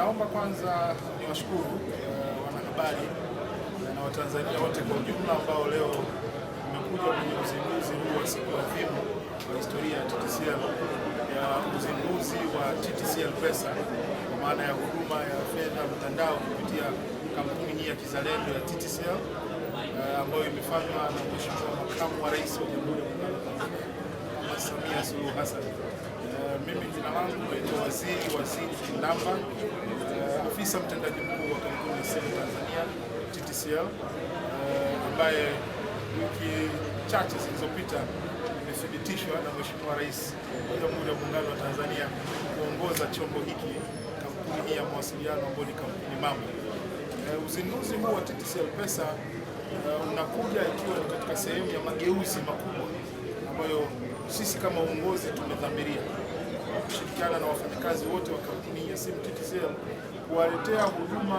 Naomba kwanza niwashukuru uh, wanahabari eh, na Watanzania wote kwa ujumla ambao leo mmekuja kwenye uzinduzi huu wa siku adhimu wa historia ya TTCL ya uzinduzi wa TTCL Pesa kwa maana ya huduma ya fedha mtandao kupitia kampuni hii ya kizalendo ya TTCL uh, eh, ambayo imefanywa na Mheshimiwa Makamu wa Rais wa Jamhuri ya Muungano wa Tanzania Samia Suluhu Hassan. Uh, mimi jina langu naitwa Waziri Waziri Kindamba, uh, afisa mtendaji mkuu wa kampuni ya simu Tanzania TTCL, uh, ambaye wiki chache zilizopita imethibitishwa na Mheshimiwa Rais wa Jamhuri ya Muungano wa Tanzania kuongoza chombo hiki, kampuni hii ya mawasiliano ambayo ni kampuni mama. Uh, uzinduzi huu wa TTCL Pesa unakuja ikiwa katika sehemu ya mageuzi makubwa ambayo sisi kama uongozi tumedhamiria kushirikiana na wafanyakazi wote wa kampuni ya SIM kuwaletea huduma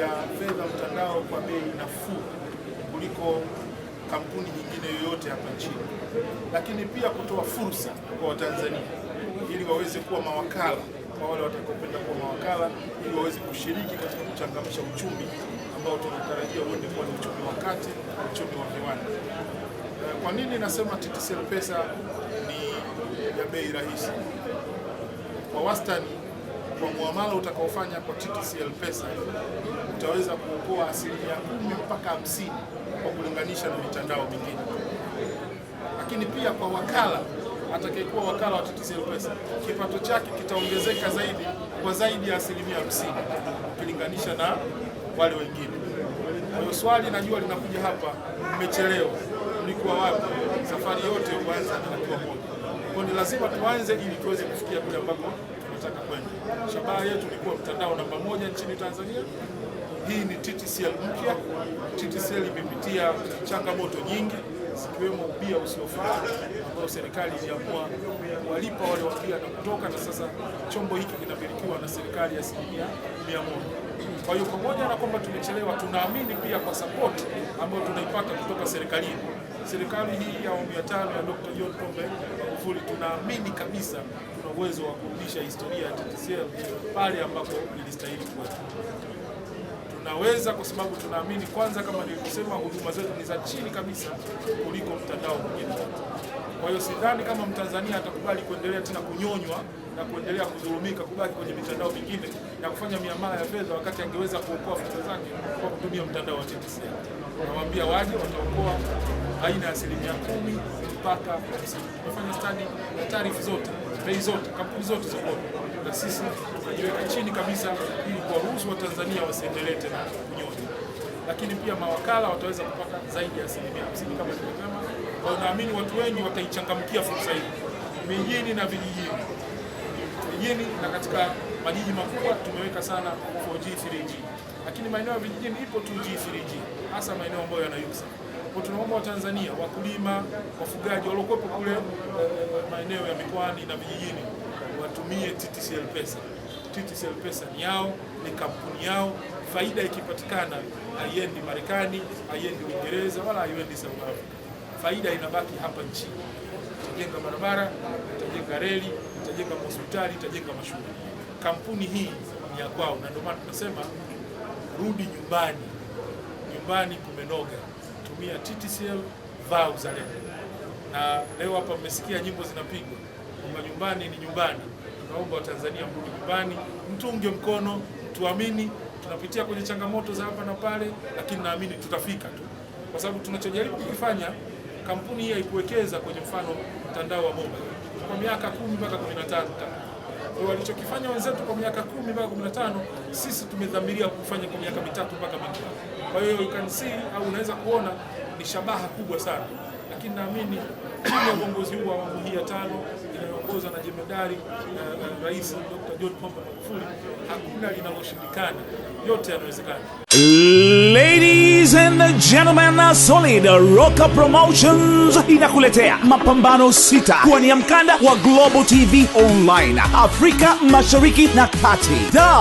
ya fedha mtandao kwa bei nafuu kuliko kampuni nyingine yoyote hapa nchini, lakini pia kutoa fursa kwa Watanzania ili waweze kuwa mawakala kwa wale watakaopenda kuwa mawakala ili waweze kushiriki katika kuchangamsha uchumi ambao tunatarajia uende kuwa ni uchumi wa kati, uchumi wa viwanda. Eh, kwa nini nasema TTCL Pesa ni ya bei rahisi? Kwa wastani kwa muamala utakaofanya kwa TTCL Pesa utaweza kuokoa asilimia kumi mpaka hamsini kwa kulinganisha na mitandao mingine, lakini pia kwa wakala atakayekuwa wakala wa TTCL Pesa kipato chake kitaongezeka zaidi kwa zaidi ya asilimia hamsini ukilinganisha na wale wengine. Kwa hiyo swali najua linakuja hapa, mmechelewa tulikuwa wapi. Safari yote huanza na hatua moja, kwa ni lazima tuanze ili tuweze kufikia kule ambako tunataka kwenda. Shabaha yetu ni kuwa mtandao namba moja nchini Tanzania. Hii ni TTCL mpya. TTCL imepitia changamoto nyingi zikiwemo ubia usiofaa ambao serikali iliamua kuwalipa wale wabia na kutoka, na sasa chombo hiki kinamilikiwa na serikali ya asilimia mia moja. Kwa hiyo pamoja na kwamba tumechelewa, tunaamini pia kwa sapoti ambayo tunaipata kutoka serikalini, serikali hii ya awamu ya tano ya Dr. John Pombe Magufuli, tunaamini kabisa tuna uwezo wa kurudisha historia ya TTCL pale ambapo ilistahili kuwepo tunaweza kwa sababu tunaamini kwanza, kama nilivyosema, huduma zetu ni za chini kabisa kuliko mtandao mwingine. Kwa hiyo sidhani kama Mtanzania atakubali kuendelea tena kunyonywa na kuendelea kudhulumika, kubaki kwenye mitandao mingine na kufanya miamala ya fedha, wakati angeweza kuokoa fedha zake kwa kutumia mtandao wa TTCL. Nawaambia waje, wataokoa aina ya asilimia kumi mpaka hamsini. Tumefanya stadi na taarifu zote, bei zote, kampuni zote zokoni na sisi tunajiweka chini kabisa ili kuwaruhusu Watanzania wasiendelee tena kunyonya, lakini pia mawakala wataweza kupata zaidi ya asilimia hamsini kama nilivyosema. Kwa naamini watu wengi wataichangamkia fursa hii mijini na vijijini. Mijini na katika majiji makubwa tumeweka sana 4G 3G, lakini maeneo ya vijijini ipo 2G 3G, hasa maeneo ambayo yanayusa kwa tunaomba Watanzania, wakulima, wafugaji waliokuwepo kule eh, maeneo ya mikoani na vijijini watumie TTCL pesa. TTCL pesa ni yao, ni kampuni yao. Faida ikipatikana haiendi Marekani, haiendi Uingereza wala haiendi South Africa. Faida inabaki hapa nchini. Itajenga barabara, itajenga reli, itajenga hospitali, itajenga mashule. Kampuni hii ni ya kwao, na ndio maana tunasema rudi nyumbani. Nyumbani kumenoga, tumia TTCL, vaa uzalendo. Na leo hapa mmesikia nyimbo zinapigwa kwamba nyumbani ni nyumbani. Tunaomba Watanzania mrudi nyumbani, mtunge mkono, tuamini. Tunapitia kwenye changamoto za hapa na pale, lakini naamini tutafika tu, kwa sababu tunachojaribu kukifanya, kampuni hii haikuwekeza kwenye mfano mtandao wa mobile kwa miaka kumi mpaka kumi na tano walichokifanya wenzetu kwa miaka kumi mpaka kumi na tano sisi tumedhamiria kufanya kwa miaka mitatu mpaka minne. Kwa hiyo you can see au unaweza kuona ni shabaha kubwa sana, lakini naamini chini ya uongozi huu wa awamu hii ya tano akiongozwa na jemedari uh, eh, Rais Dr. John Pombe Magufuli, hakuna linaloshindikana, yote yanawezekana. Ladies and gentlemen, Solid Rock Promotions inakuletea mapambano sita kuwania mkanda wa Global TV Online Afrika Mashariki na Kati. The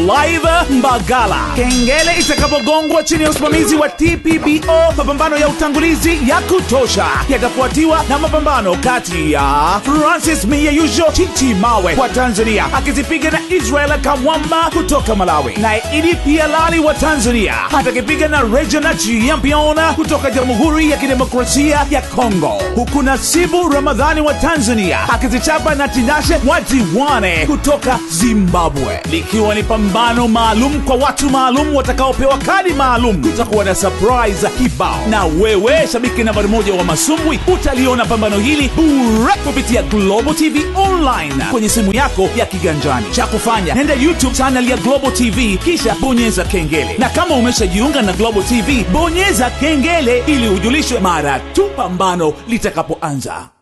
Live Mbagala, kengele itakapogongwa chini ya usimamizi wa TPBO, mapambano ya utangulizi ya kutosha yatafuatiwa na mapambano kati ya France Francis ya Chichi Mawe wa Tanzania akizipiga na Israel Kamwamba kutoka Malawi, naye Idi Pialali wa Tanzania atakipiga na Regina Chiampiona kutoka Jamhuri ya Kidemokrasia ya Kongo, huku Nasibu Ramadhani wa Tanzania akizichapa na Tinashe Mwajiwane kutoka Zimbabwe, likiwa ni pambano maalum kwa watu maalum watakaopewa kadi maalum. Kutakuwa na surprise kibao, na wewe shabiki nambari moja wa masumbwi utaliona pambano hili bure kupitia Glo Global TV Online kwenye simu yako ya kiganjani. Cha kufanya nenda YouTube channel ya Global TV, kisha bonyeza kengele, na kama umeshajiunga na Global TV bonyeza kengele ili ujulishwe mara tu pambano litakapoanza.